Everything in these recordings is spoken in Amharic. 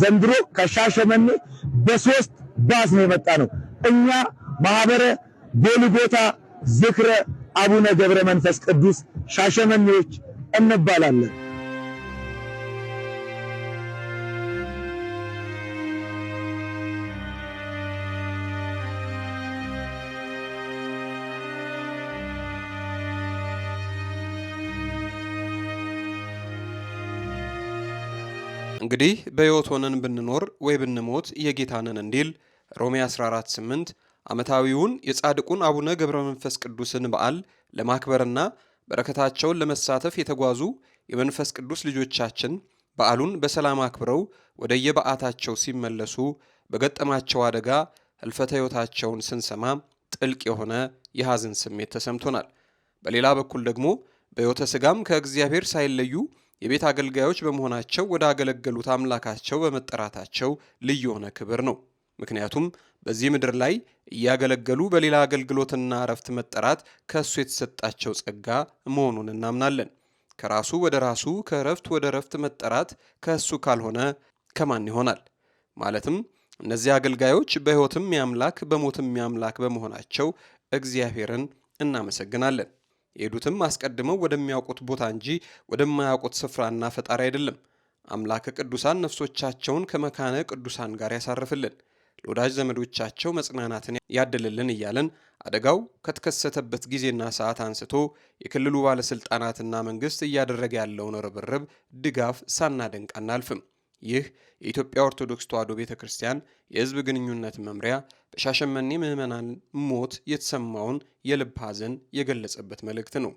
ዘንድሮ ከሻሸመኔ በሶስት ባስ ነው የመጣ ነው። እኛ ማህበረ ጎልጎታ ዝክረ አቡነ ገብረ መንፈስ ቅዱስ ሻሸመኔዎች እንባላለን። እንግዲህ በሕይወት ሆነን ብንኖር ወይ ብንሞት የጌታነን እንዲል ሮሜ 148 ዓመታዊውን የጻድቁን አቡነ ገብረ መንፈስ ቅዱስን በዓል ለማክበርና በረከታቸውን ለመሳተፍ የተጓዙ የመንፈስ ቅዱስ ልጆቻችን በዓሉን በሰላም አክብረው ወደ የበዓታቸው ሲመለሱ በገጠማቸው አደጋ ሕልፈተ ሕይወታቸውን ስንሰማ ጥልቅ የሆነ የሐዘን ስሜት ተሰምቶናል። በሌላ በኩል ደግሞ በሕይወተ ሥጋም ከእግዚአብሔር ሳይለዩ የቤት አገልጋዮች በመሆናቸው ወደ አገለገሉት አምላካቸው በመጠራታቸው ልዩ የሆነ ክብር ነው። ምክንያቱም በዚህ ምድር ላይ እያገለገሉ በሌላ አገልግሎትና እረፍት መጠራት ከእሱ የተሰጣቸው ጸጋ መሆኑን እናምናለን። ከራሱ ወደ ራሱ ከእረፍት ወደ እረፍት መጠራት ከእሱ ካልሆነ ከማን ይሆናል? ማለትም እነዚህ አገልጋዮች በሕይወትም የአምላክ በሞትም የአምላክ በመሆናቸው እግዚአብሔርን እናመሰግናለን። የሄዱትም አስቀድመው ወደሚያውቁት ቦታ እንጂ ወደማያውቁት ስፍራና ፈጣሪ አይደለም። አምላከ ቅዱሳን ነፍሶቻቸውን ከመካነ ቅዱሳን ጋር ያሳርፍልን፣ ለወዳጅ ዘመዶቻቸው መጽናናትን ያደልልን እያለን አደጋው ከተከሰተበት ጊዜና ሰዓት አንስቶ የክልሉ ባለሥልጣናትና መንግሥት እያደረገ ያለውን ርብርብ ድጋፍ ሳናደንቅ አናልፍም። ይህ የኢትዮጵያ ኦርቶዶክስ ተዋሕዶ ቤተ ክርስቲያን የሕዝብ ግንኙነት መምሪያ በሻሸመኔ ምዕመናን ሞት የተሰማውን የልብ ሐዘን የገለጸበት መልእክት ነው።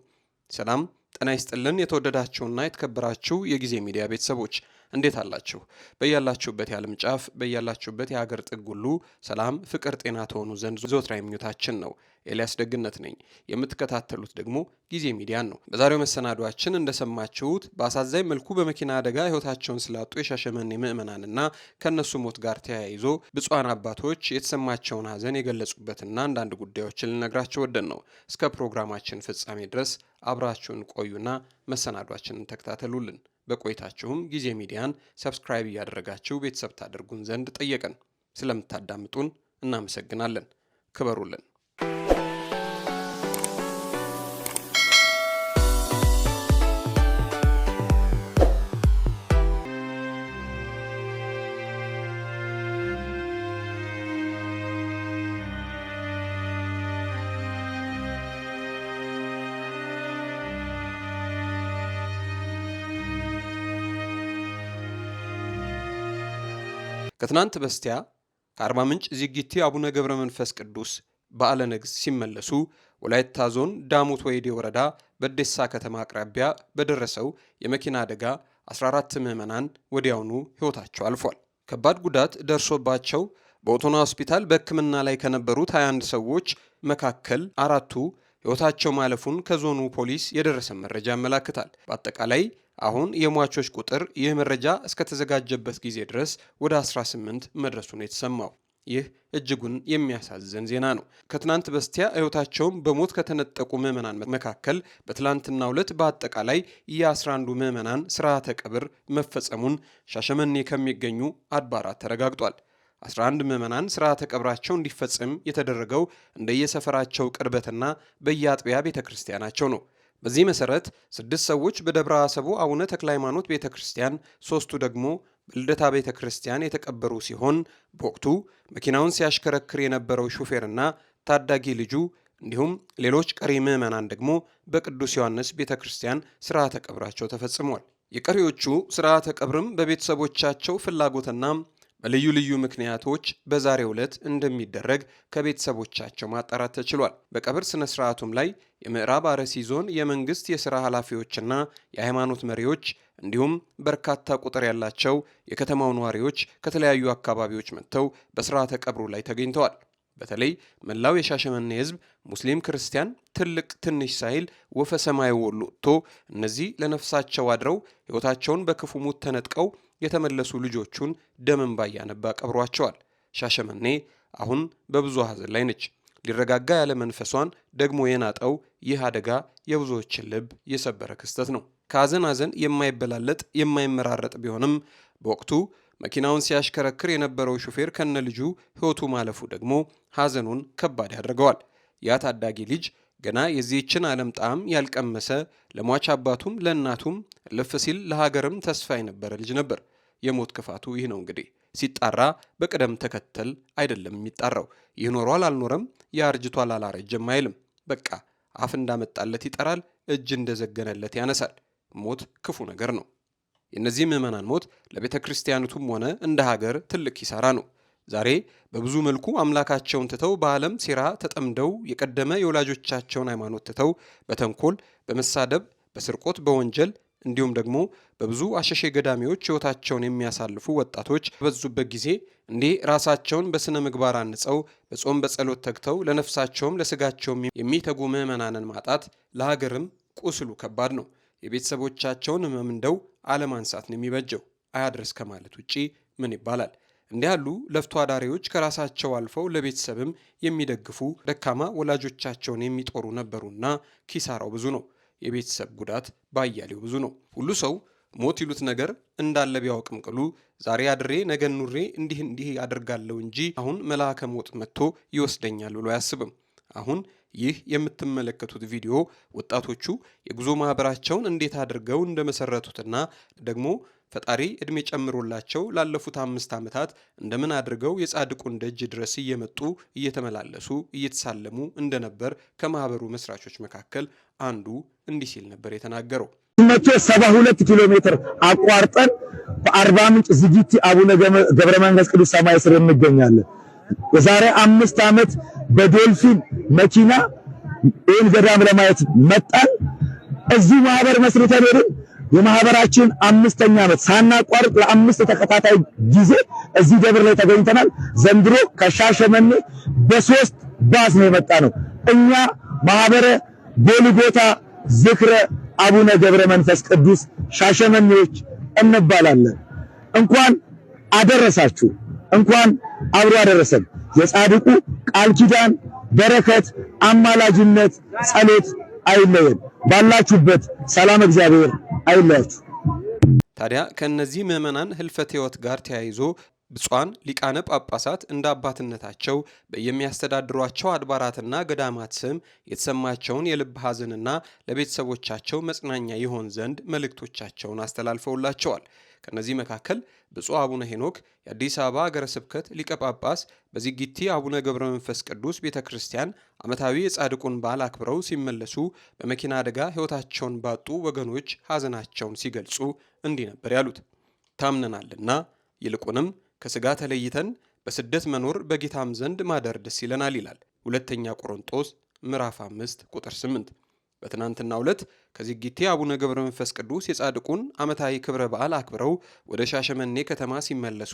ሰላም ጤና ይስጥልን። የተወደዳችሁና የተከበራችሁ የጊዜ ሚዲያ ቤተሰቦች እንዴት አላችሁ? በያላችሁበት የዓለም ጫፍ በያላችሁበት የሀገር ጥግ ሁሉ ሰላም፣ ፍቅር፣ ጤና ተሆኑ ዘንድ ዞትራ ምኞታችን ነው። ኤልያስ ደግነት ነኝ። የምትከታተሉት ደግሞ ጊዜ ሚዲያን ነው። በዛሬው መሰናዷችን እንደሰማችሁት በአሳዛኝ መልኩ በመኪና አደጋ ሕይወታቸውን ስላጡ የሻሸመኔ ምዕመናንና ከእነሱ ሞት ጋር ተያይዞ ብፁዓን አባቶች የተሰማቸውን ሐዘን የገለጹበትና አንዳንድ ጉዳዮችን ልነግራቸው ወደን ነው። እስከ ፕሮግራማችን ፍጻሜ ድረስ አብራችሁን ቆዩና መሰናዷችንን ተከታተሉልን። በቆይታችሁም ጊዜ ሚዲያን ሰብስክራይብ እያደረጋችሁ ቤተሰብ ታደርጉን ዘንድ ጠየቅን። ስለምታዳምጡን እናመሰግናለን። ክበሩልን። ከትናንት በስቲያ ከአርባ ምንጭ ዚጊቲ አቡነ ገብረ መንፈስ ቅዱስ በዓለ ንግሥ ሲመለሱ ወላይታ ዞን ዳሞት ወይዴ ወረዳ በደሳ ከተማ አቅራቢያ በደረሰው የመኪና አደጋ 14 ምዕመናን ወዲያውኑ ሕይወታቸው አልፏል። ከባድ ጉዳት ደርሶባቸው በኦቶና ሆስፒታል በሕክምና ላይ ከነበሩት 21 ሰዎች መካከል አራቱ ሕይወታቸው ማለፉን ከዞኑ ፖሊስ የደረሰ መረጃ ያመላክታል። በአጠቃላይ አሁን የሟቾች ቁጥር ይህ መረጃ እስከተዘጋጀበት ጊዜ ድረስ ወደ 18 መድረሱን የተሰማው ይህ እጅጉን የሚያሳዝን ዜና ነው። ከትናንት በስቲያ ሕይወታቸውን በሞት ከተነጠቁ ምዕመናን መካከል በትላንትናው ዕለት በአጠቃላይ የ11ዱ ምዕመናን ስርዓተ ቀብር መፈጸሙን ሻሸመኔ ከሚገኙ አድባራት ተረጋግጧል። 11 ምዕመናን ስርዓተ ቀብራቸው እንዲፈጸም የተደረገው እንደየሰፈራቸው ቅርበትና በየአጥቢያ ቤተ ክርስቲያናቸው ነው። በዚህ መሰረት ስድስት ሰዎች በደብረ አሰቦ አቡነ ተክለ ሃይማኖት ቤተ ክርስቲያን፣ ሦስቱ ደግሞ በልደታ ቤተ ክርስቲያን የተቀበሩ ሲሆን በወቅቱ መኪናውን ሲያሽከረክር የነበረው ሹፌርና ታዳጊ ልጁ እንዲሁም ሌሎች ቀሪ ምዕመናን ደግሞ በቅዱስ ዮሐንስ ቤተ ክርስቲያን ሥርዓተ ቀብራቸው ተፈጽሟል። የቀሪዎቹ ሥርዓተ ቀብርም በቤተሰቦቻቸው ፍላጎትና በልዩ ልዩ ምክንያቶች በዛሬው ዕለት እንደሚደረግ ከቤተሰቦቻቸው ማጣራት ተችሏል። በቀብር ስነ ስርዓቱም ላይ የምዕራብ አርሲ ዞን የመንግስት የሥራ ኃላፊዎችና የሃይማኖት መሪዎች እንዲሁም በርካታ ቁጥር ያላቸው የከተማው ነዋሪዎች ከተለያዩ አካባቢዎች መጥተው በሥርዓተ ቀብሩ ላይ ተገኝተዋል። በተለይ መላው የሻሸመኔ ህዝብ ሙስሊም፣ ክርስቲያን፣ ትልቅ ትንሽ ሳይል ወፈ ሰማይ ወሎ እነዚህ ለነፍሳቸው አድረው ሕይወታቸውን በክፉ ሙት ተነጥቀው የተመለሱ ልጆቹን ደምን ባያነባ እያነባ ቀብሯቸዋል። ሻሸመኔ አሁን በብዙ ሐዘን ላይ ነች። ሊረጋጋ ያለ መንፈሷን ደግሞ የናጠው ይህ አደጋ የብዙዎችን ልብ የሰበረ ክስተት ነው። ከሐዘን ሐዘን የማይበላለጥ የማይመራረጥ ቢሆንም በወቅቱ መኪናውን ሲያሽከረክር የነበረው ሹፌር ከነ ልጁ ሕይወቱ ማለፉ ደግሞ ሐዘኑን ከባድ ያደርገዋል። ያ ታዳጊ ልጅ ገና የዚህችን ዓለም ጣዕም ያልቀመሰ ለሟች አባቱም ለእናቱም ልፍ ሲል ለሀገርም ተስፋ የነበረ ልጅ ነበር። የሞት ክፋቱ ይህ ነው እንግዲህ። ሲጣራ በቅደም ተከተል አይደለም የሚጣራው። ይህ ኖሯል አልኖረም፣ ያርጅቷል አላረጀም አይልም። በቃ አፍ እንዳመጣለት ይጠራል፣ እጅ እንደዘገነለት ያነሳል። ሞት ክፉ ነገር ነው። የእነዚህ ምዕመናን ሞት ለቤተ ክርስቲያኒቱም ሆነ እንደ ሀገር ትልቅ ኪሳራ ነው። ዛሬ በብዙ መልኩ አምላካቸውን ትተው በዓለም ሴራ ተጠምደው የቀደመ የወላጆቻቸውን ሃይማኖት ትተው በተንኮል፣ በመሳደብ፣ በስርቆት፣ በወንጀል እንዲሁም ደግሞ በብዙ አሸሼ ገዳሚዎች ሕይወታቸውን የሚያሳልፉ ወጣቶች በበዙበት ጊዜ እንዲህ ራሳቸውን በሥነ ምግባር አንጸው በጾም በጸሎት ተግተው ለነፍሳቸውም ለስጋቸውም የሚተጉ ምዕመናንን ማጣት ለሀገርም ቁስሉ ከባድ ነው። የቤተሰቦቻቸውን ሕመም እንደው አለማንሳት ነው የሚበጀው። አያድረስ ከማለት ውጪ ምን ይባላል? እንዲህ ያሉ ለፍቶ አዳሪዎች ከራሳቸው አልፈው ለቤተሰብም የሚደግፉ ደካማ ወላጆቻቸውን የሚጦሩ ነበሩና ኪሳራው ብዙ ነው። የቤተሰብ ጉዳት ባያሌው ብዙ ነው። ሁሉ ሰው ሞት ይሉት ነገር እንዳለ ቢያውቅም ቅሉ ዛሬ አድሬ ነገ ኑሬ እንዲህ እንዲህ አደርጋለሁ እንጂ አሁን መልአከ ሞት መጥቶ ይወስደኛል ብሎ አያስብም። አሁን ይህ የምትመለከቱት ቪዲዮ ወጣቶቹ የጉዞ ማህበራቸውን እንዴት አድርገው እንደመሰረቱትና ደግሞ ፈጣሪ ዕድሜ ጨምሮላቸው ላለፉት አምስት ዓመታት እንደምን አድርገው የጻድቁን ደጅ ድረስ እየመጡ እየተመላለሱ እየተሳለሙ እንደነበር ከማኅበሩ መስራቾች መካከል አንዱ እንዲህ ሲል ነበር የተናገረው። መቶ ሰባ ሁለት ኪሎ ሜትር አቋርጠን በአርባ ምንጭ ዝጊቲ አቡነ ገብረ መንፈስ ቅዱስ ሰማይ ስር እንገኛለን። የዛሬ አምስት ዓመት በዶልፊን መኪና ይህን ገዳም ለማየት መጣን። እዚሁ ማህበር መስርተን ሄድን። የማህበራችን አምስተኛ ዓመት ሳናቋርጥ ለአምስት ተከታታይ ጊዜ እዚህ ደብር ላይ ተገኝተናል። ዘንድሮ ከሻሸመኔ በሶስት ባስ ነው የመጣ ነው። እኛ ማህበረ ጎልጎታ ዝክረ አቡነ ገብረ መንፈስ ቅዱስ ሻሸመኔዎች እንባላለን። እንኳን አደረሳችሁ፣ እንኳን አብሮ አደረሰን። የጻድቁ ቃል ኪዳን በረከት፣ አማላጅነት፣ ጸሎት አይለየን። ባላችሁበት ሰላም እግዚአብሔር አይለያችሁ። ታዲያ ከእነዚህ ምዕመናን ህልፈት ህይወት ጋር ተያይዞ ብፁዓን ሊቃነ ጳጳሳት እንደ አባትነታቸው በየሚያስተዳድሯቸው አድባራትና ገዳማት ስም የተሰማቸውን የልብ ሐዘንና ለቤተሰቦቻቸው መጽናኛ ይሆን ዘንድ መልእክቶቻቸውን አስተላልፈውላቸዋል። ከእነዚህ መካከል ብፁዕ አቡነ ሄኖክ የአዲስ አበባ ሀገረ ስብከት ሊቀ ጳጳስ በዚጊቲ አቡነ ገብረ መንፈስ ቅዱስ ቤተ ክርስቲያን ዓመታዊ የጻድቁን በዓል አክብረው ሲመለሱ በመኪና አደጋ ሕይወታቸውን ባጡ ወገኖች ሐዘናቸውን ሲገልጹ እንዲህ ነበር ያሉት። ታምነናልና ይልቁንም ከሥጋ ተለይተን በስደት መኖር በጌታም ዘንድ ማደር ደስ ይለናል ይላል ሁለተኛ ቆሮንጦስ ምዕራፍ 5 ቁጥር 8። በትናንትናው ዕለት ከዚጊቴ አቡነ ገብረ መንፈስ ቅዱስ የጻድቁን ዓመታዊ ክብረ በዓል አክብረው ወደ ሻሸመኔ ከተማ ሲመለሱ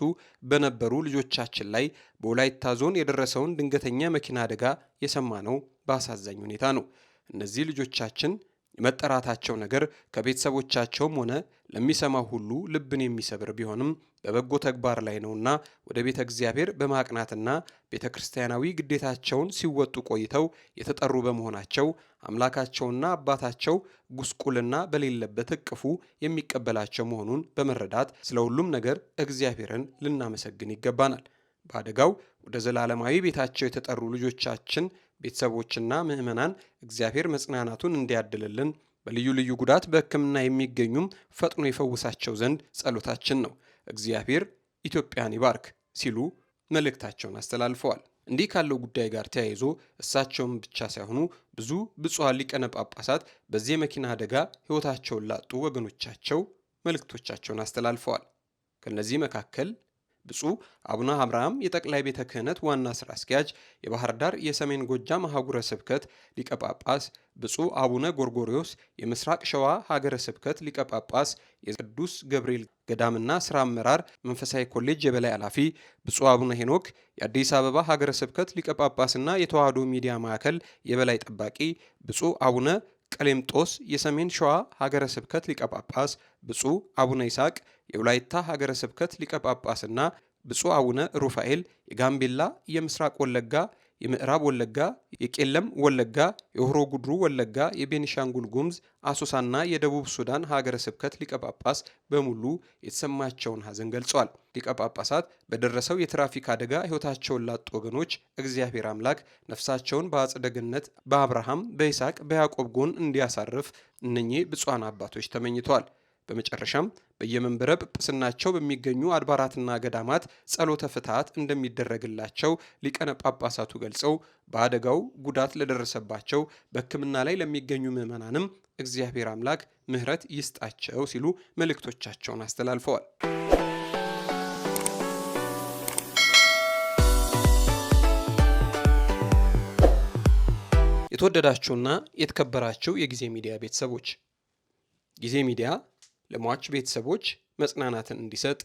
በነበሩ ልጆቻችን ላይ በወላይታ ዞን የደረሰውን ድንገተኛ መኪና አደጋ የሰማነው በአሳዛኝ ሁኔታ ነው። እነዚህ ልጆቻችን የመጠራታቸው ነገር ከቤተሰቦቻቸውም ሆነ ለሚሰማው ሁሉ ልብን የሚሰብር ቢሆንም በበጎ ተግባር ላይ ነውና ወደ ቤተ እግዚአብሔር በማቅናትና ቤተ ክርስቲያናዊ ግዴታቸውን ሲወጡ ቆይተው የተጠሩ በመሆናቸው አምላካቸውና አባታቸው ጉስቁልና በሌለበት እቅፉ የሚቀበላቸው መሆኑን በመረዳት ስለ ሁሉም ነገር እግዚአብሔርን ልናመሰግን ይገባናል። በአደጋው ወደ ዘላለማዊ ቤታቸው የተጠሩ ልጆቻችን ቤተሰቦችና ምዕመናን እግዚአብሔር መጽናናቱን እንዲያድልልን በልዩ ልዩ ጉዳት በሕክምና የሚገኙም ፈጥኖ የፈውሳቸው ዘንድ ጸሎታችን ነው። እግዚአብሔር ኢትዮጵያን ይባርክ ሲሉ መልእክታቸውን አስተላልፈዋል። እንዲህ ካለው ጉዳይ ጋር ተያይዞ እሳቸውም ብቻ ሳይሆኑ ብዙ ብፁዓን ሊቀነ ጳጳሳት በዚህ የመኪና አደጋ ሕይወታቸውን ላጡ ወገኖቻቸው መልእክቶቻቸውን አስተላልፈዋል። ከእነዚህ መካከል ብፁዕ አቡነ አብርሃም የጠቅላይ ቤተ ክህነት ዋና ሥራ አስኪያጅ፣ የባህር ዳር የሰሜን ጎጃም አህጉረ ስብከት ሊቀ ጳጳስ፣ ብፁዕ አቡነ ጎርጎሪዎስ የምስራቅ ሸዋ ሀገረ ስብከት ሊቀ ጳጳስ፣ የቅዱስ ገብርኤል ገዳምና ስራ አመራር መንፈሳዊ ኮሌጅ የበላይ ኃላፊ ብፁዕ አቡነ ሄኖክ፣ የአዲስ አበባ ሀገረ ስብከት ሊቀ ጳጳስና የተዋህዶ ሚዲያ ማዕከል የበላይ ጠባቂ ብፁዕ አቡነ ቀሌምጦስ፣ የሰሜን ሸዋ ሀገረ ስብከት ሊቀ ጳጳስ ብፁዕ አቡነ ይስሐቅ፣ የውላይታ ሀገረ ስብከት ሊቀ ጳጳስና ብፁዕ አቡነ ሩፋኤል፣ የጋምቤላ፣ የምስራቅ ወለጋ የምዕራብ ወለጋ፣ የቄለም ወለጋ፣ የሆሮ ጉድሩ ወለጋ፣ የቤኒሻንጉል ጉሙዝ፣ አሶሳና የደቡብ ሱዳን ሀገረ ስብከት ሊቀ ጳጳስ በሙሉ የተሰማቸውን ሀዘን ገልጸዋል። ሊቀ ጳጳሳት በደረሰው የትራፊክ አደጋ ሕይወታቸውን ላጡ ወገኖች እግዚአብሔር አምላክ ነፍሳቸውን በአጽደግነት፣ ገነት በአብርሃም በይስሐቅ በያዕቆብ ጎን እንዲያሳርፍ እነኚህ ብፁዓን አባቶች ተመኝተዋል። በመጨረሻም በየመንበረ ጵጵስናቸው በሚገኙ አድባራትና ገዳማት ጸሎተ ፍትሐት እንደሚደረግላቸው ሊቀነ ጳጳሳቱ ገልጸው በአደጋው ጉዳት ለደረሰባቸው በሕክምና ላይ ለሚገኙ ምዕመናንም እግዚአብሔር አምላክ ምሕረት ይስጣቸው ሲሉ መልእክቶቻቸውን አስተላልፈዋል። የተወደዳችሁና የተከበራችሁ የጊዜ ሚዲያ ቤተሰቦች ጊዜ ሚዲያ ለሟች ቤተሰቦች መጽናናትን እንዲሰጥ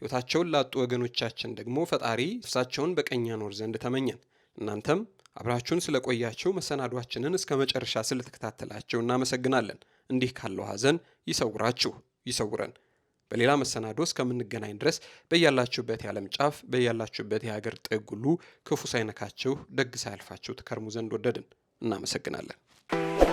ሕይወታቸውን ላጡ ወገኖቻችን ደግሞ ፈጣሪ እርሳቸውን በቀኝ ያኖር ዘንድ ተመኘን። እናንተም አብራችሁን ስለቆያችሁ መሰናዷችንን እስከ መጨረሻ ስለተከታተላችሁ እናመሰግናለን። እንዲህ ካለው ሐዘን ይሰውራችሁ ይሰውረን። በሌላ መሰናዶ እስከምንገናኝ ድረስ በያላችሁበት የዓለም ጫፍ በያላችሁበት የሀገር ጥግ ሁሉ ክፉ ሳይነካችሁ ደግ ሳያልፋችሁ ትከርሙ ዘንድ ወደድን። እናመሰግናለን።